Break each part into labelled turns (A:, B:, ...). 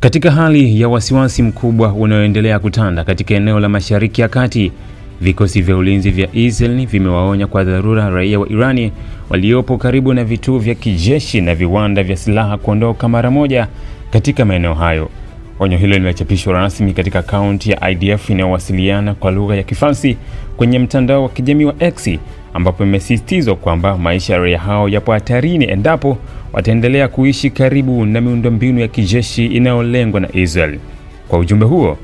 A: Katika hali ya wasiwasi mkubwa unaoendelea kutanda katika eneo la Mashariki ya Kati, vikosi vya ulinzi vya Israel vimewaonya kwa dharura raia wa Irani waliopo karibu na vituo vya kijeshi na viwanda vya silaha kuondoka mara moja katika maeneo hayo. Onyo hilo linachapishwa rasmi katika akaunti ya IDF inayowasiliana kwa lugha ya Kifarsi kwenye mtandao wa kijamii wa X, ambapo imesisitizwa kwamba maisha ya raia hao yapo hatarini endapo wataendelea kuishi karibu na miundombinu ya kijeshi inayolengwa na Israel. Kwa ujumbe huo,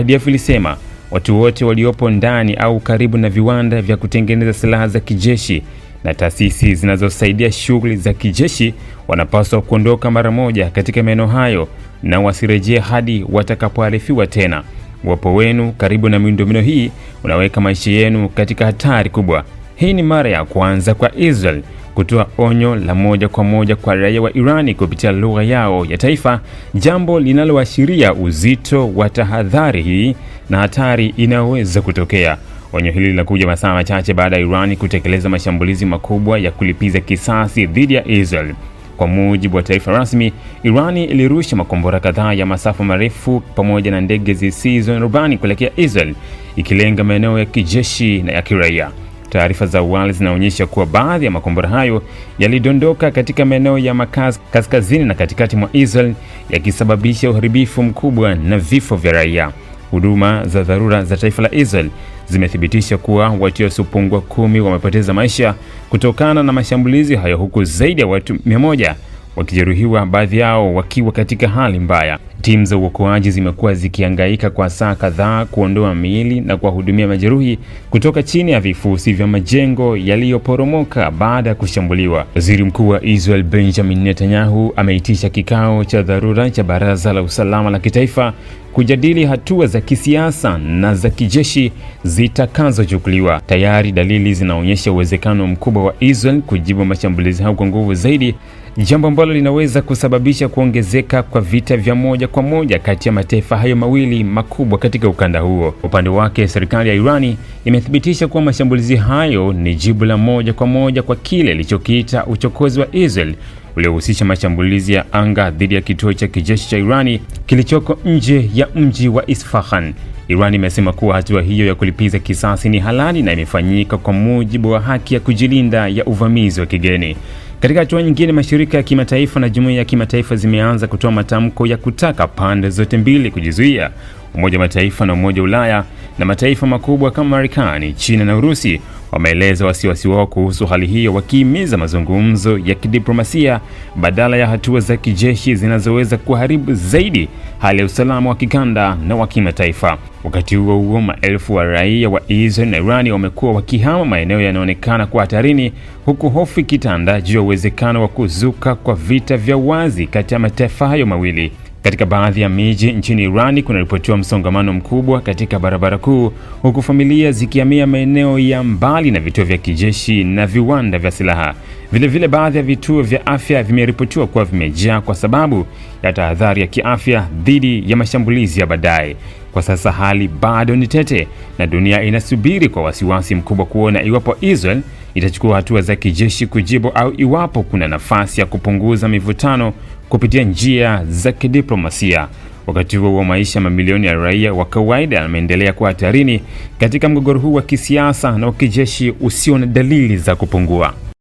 A: IDF ilisema watu wote waliopo ndani au karibu na viwanda vya kutengeneza silaha za kijeshi na taasisi zinazosaidia shughuli za kijeshi wanapaswa kuondoka mara moja katika maeneo hayo na wasirejee hadi watakapoarifiwa tena. Uwepo wenu karibu na miundombinu hii unaweka maisha yenu katika hatari kubwa. Hii ni mara ya kwanza kwa Israel kutoa onyo la moja kwa moja kwa raia wa Irani kupitia lugha yao ya taifa, jambo linaloashiria uzito wa tahadhari hii na hatari inayoweza kutokea. Onyo hili linakuja masaa machache baada ya Irani kutekeleza mashambulizi makubwa ya kulipiza kisasi dhidi ya Israel. Kwa mujibu wa taarifa rasmi, Irani ilirusha makombora kadhaa ya masafa marefu pamoja na ndege zisizo na rubani kuelekea Israel, ikilenga maeneo ya kijeshi na ya kiraia. Taarifa za awali zinaonyesha kuwa baadhi ya makombora hayo yalidondoka katika maeneo ya makazi kaskazini na katikati mwa Israel, yakisababisha uharibifu mkubwa na vifo vya raia. Huduma za dharura za taifa la Israel zimethibitisha kuwa watu wasiopungua kumi wamepoteza maisha kutokana na mashambulizi hayo huku zaidi ya watu mia moja wakijeruhiwa, baadhi yao wakiwa katika hali mbaya. Timu za uokoaji zimekuwa zikihangaika kwa saa kadhaa kuondoa miili na kuwahudumia majeruhi kutoka chini ya vifusi vya majengo yaliyoporomoka baada ya kushambuliwa. Waziri Mkuu wa Israel Benjamin Netanyahu ameitisha kikao cha dharura cha Baraza la Usalama la Kitaifa kujadili hatua za kisiasa na za kijeshi zitakazochukuliwa. Tayari dalili zinaonyesha uwezekano mkubwa wa Israel kujibu mashambulizi hayo kwa nguvu zaidi jambo ambalo linaweza kusababisha kuongezeka kwa vita vya moja kwa moja kati ya mataifa hayo mawili makubwa katika ukanda huo. Upande wake, serikali ya Irani imethibitisha kuwa mashambulizi hayo ni jibu la moja kwa moja kwa kile ilichokiita uchokozi wa Israel uliohusisha mashambulizi ya anga dhidi ya kituo cha kijeshi cha Irani kilichoko nje ya mji wa Isfahan. Irani imesema kuwa hatua hiyo ya kulipiza kisasi ni halali na imefanyika kwa mujibu wa haki ya kujilinda ya uvamizi wa kigeni. Katika hatua nyingine, mashirika ya kimataifa na jumuiya ya kimataifa zimeanza kutoa matamko ya kutaka pande zote mbili kujizuia Umoja wa Mataifa na Umoja wa Ulaya na mataifa makubwa kama Marekani, China na Urusi wameeleza wasiwasi wao kuhusu hali hiyo, wakihimiza mazungumzo ya kidiplomasia badala ya hatua za kijeshi zinazoweza kuharibu zaidi hali ya usalama wa kikanda na wa kimataifa. Wakati huo huo, maelfu wa raia wa Israel na Irani wamekuwa wakihama maeneo yanayoonekana kwa hatarini, huku hofu ikitanda juu ya uwezekano wa kuzuka kwa vita vya wazi kati ya mataifa hayo mawili. Katika baadhi ya miji nchini Iran kunaripotiwa msongamano mkubwa katika barabara kuu, huku familia zikihamia maeneo ya mbali na vituo vya kijeshi na viwanda vya silaha. Vilevile, baadhi ya vituo vya afya vimeripotiwa kuwa vimejaa kwa sababu ya tahadhari ya kiafya dhidi ya mashambulizi ya baadaye. Kwa sasa hali bado ni tete na dunia inasubiri kwa wasiwasi mkubwa kuona iwapo Israel itachukua hatua za kijeshi kujibu au iwapo kuna nafasi ya kupunguza mivutano kupitia njia za kidiplomasia. Wakati huo wa maisha mamilioni ya raia wa kawaida yameendelea kuwa hatarini katika mgogoro huu wa kisiasa na wa kijeshi usio na dalili za kupungua.